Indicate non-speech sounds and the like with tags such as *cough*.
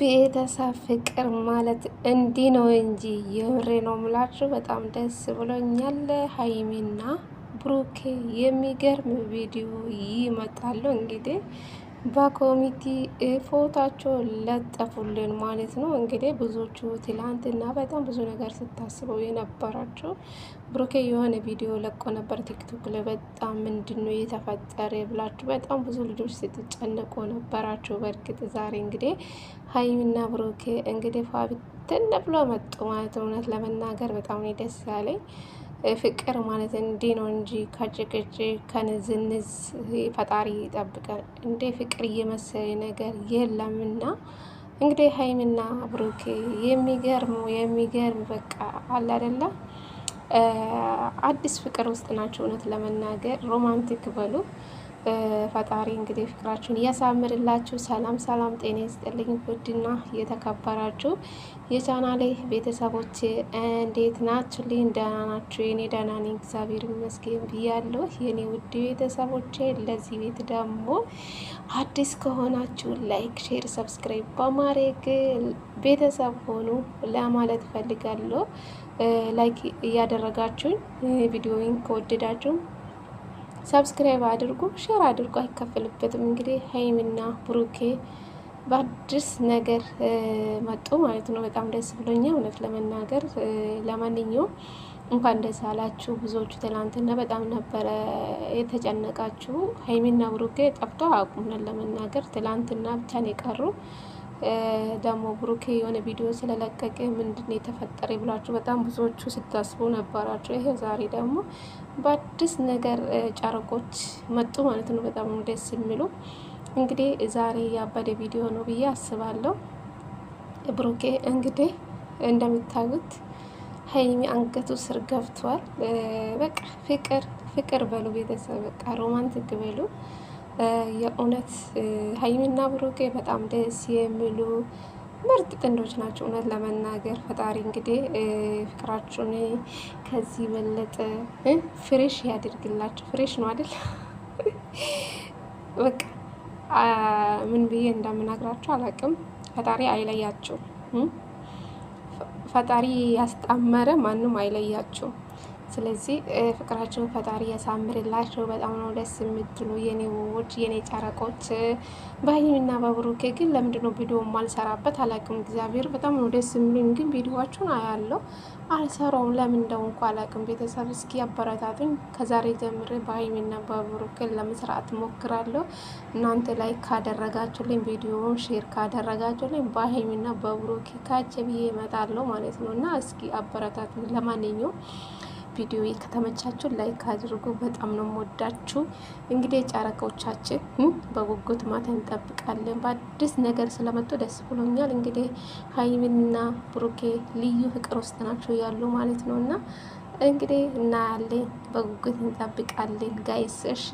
ቤተሰብ ፍቅር ማለት እንዲህ ነው እንጂ የምሬ ነው ምላችሁ። በጣም ደስ ብሎኛል። ሀይሚና ብሩኬ የሚገርም ቪዲዮ ይመጣሉ እንግዲህ በኮሚቴ ፎታቸው ለጠፉልን ማለት ነው። እንግዲህ ብዙዎቹ ትላንትና በጣም ብዙ ነገር ስታስበው የነበራችሁ ብሩኬ የሆነ ቪዲዮ ለቆ ነበር ቲክቶክ ላይ። በጣም ምንድን ነው የተፈጠረ ብላችሁ በጣም ብዙ ልጆች ስትጨነቁ ነበራችሁ። በእርግጥ ዛሬ እንግዲህ ሀይሚና ብሩኬ እንግዲህ ፏ ብትን ብሎ መጡ ማለት እውነት ለመናገር በጣም ደስ ያለኝ። ፍቅር ማለት እንዲህ ነው እንጂ ከጭቅጭቅ ከንዝንዝ ፈጣሪ ይጠብቀን። እንደ ፍቅር እየመሰለ ነገር የለምና እንግዲህ ሀይሚና ብሩኬ የሚገርም የሚገርም በቃ አለ አይደለም አዲስ ፍቅር ውስጥ ናቸው። እውነት ለመናገር ሮማንቲክ በሉ ፈጣሪ እንግዲህ ፍቅራችሁን እያሳምርላችሁ። ሰላም ሰላም፣ ጤና ይስጥልኝ ውድና የተከበራችሁ የቻናሌ ቤተሰቦች እንዴት ናችሁልኝ? ደህና ናችሁ? የኔ ደህና ነኝ እግዚአብሔር ይመስገን ብያለሁ። የኔ ውድ ቤተሰቦች ለዚህ ቤት ደግሞ አዲስ ከሆናችሁ ላይክ፣ ሼር፣ ሰብስክራይብ በማድረግ ቤተሰብ ሆኑ ለማለት ፈልጋለሁ። ላይክ እያደረጋችሁኝ ቪዲዮውን ከወደዳችሁም ሰብስክራይብ አድርጉ፣ ሼር አድርጉ፣ አይከፈልበትም። እንግዲህ ሀይሚና ብሩኬ በአዲስ ነገር መጡ ማለት ነው። በጣም ደስ ብሎኛ እውነት ለመናገር ለማንኛውም እንኳን ደስ አላችሁ። ብዙዎቹ ትናንትና በጣም ነበረ የተጨነቃችሁ። ሀይሚና ብሩኬ ጠፍቶ አቁምነን ለመናገር ትናንትና ብቻ የቀሩ ደግሞ ብሩኬ የሆነ ቪዲዮ ስለለቀቀ ምንድን የተፈጠረ ብላችሁ በጣም ብዙዎቹ ስታስቡ ነበራቸው ይሄ ዛሬ ደግሞ በአዲስ ነገር ጨረቆች መጡ ማለት ነው። በጣም ደስ የሚሉ እንግዲህ ዛሬ ያበደ ቪዲዮ ነው ብዬ አስባለሁ። ብሩኬ እንግዲህ እንደምታዩት ሀይሚ አንገቱ ስር ገብቷል። በቃ ፍቅር ፍቅር በሉ ቤተሰብ፣ በቃ ሮማንቲክ በሉ የእውነት ሀይሚና ብሩኬ በጣም ደስ የሚሉ ምርጥ ጥንዶች ናቸው። እውነት ለመናገር ፈጣሪ እንግዲህ ፍቅራችሁን ከዚህ በለጠ ፍሬሽ ያድርግላችሁ። ፍሬሽ ነው አይደል? *laughs* በቃ ምን ብዬ እንደምናግራችሁ አላቅም። ፈጣሪ አይለያችሁ። ፈጣሪ ያስጣመረ ማንም አይለያችሁ። ስለዚህ ፍቅራችሁን ፈጣሪ ያሳምርላችሁ። በጣም ነው ደስ የምትሉ የኔ ውቦች፣ የኔ ጨረቆች። በሀይሚና በብሩኬ ግን ለምንድነው ቪዲዮ ማልሰራበት አላቅም። እግዚአብሔር በጣም ነው ደስ የሚሉኝ፣ ግን ቪዲዮዋችሁን አያለው አልሰራውም። ለምን እንደው እንኳ አላቅም። ቤተሰብ እስኪ አበረታቱኝ። ከዛሬ ጀምሬ በሀይሚና በብሩኬ ለመስራት ሞክራለሁ። እናንተ ላይ ካደረጋችሁልኝ፣ ቪዲዮውን ሼር ካደረጋችሁልኝ በሀይሚና በብሩኬ ካቸ ብዬ እመጣለሁ ማለት ነው እና እስኪ አበረታቱኝ ለማንኛውም ቪዲዮ ከተመቻችሁ ላይክ አድርጉ። በጣም ነው የምወዳችሁ። እንግዲህ የጨረቃዎቻችን በጉጉት ማታ እንጠብቃለን። በአዲስ ነገር ስለመጡ ደስ ብሎኛል። እንግዲህ ሀይሚና ብሩኬ ልዩ ፍቅር ውስጥ ናቸው ያሉ ማለት ነው እና እንግዲህ እናያለን። በጉጉት እንጠብቃለን ጋይስ እሺ።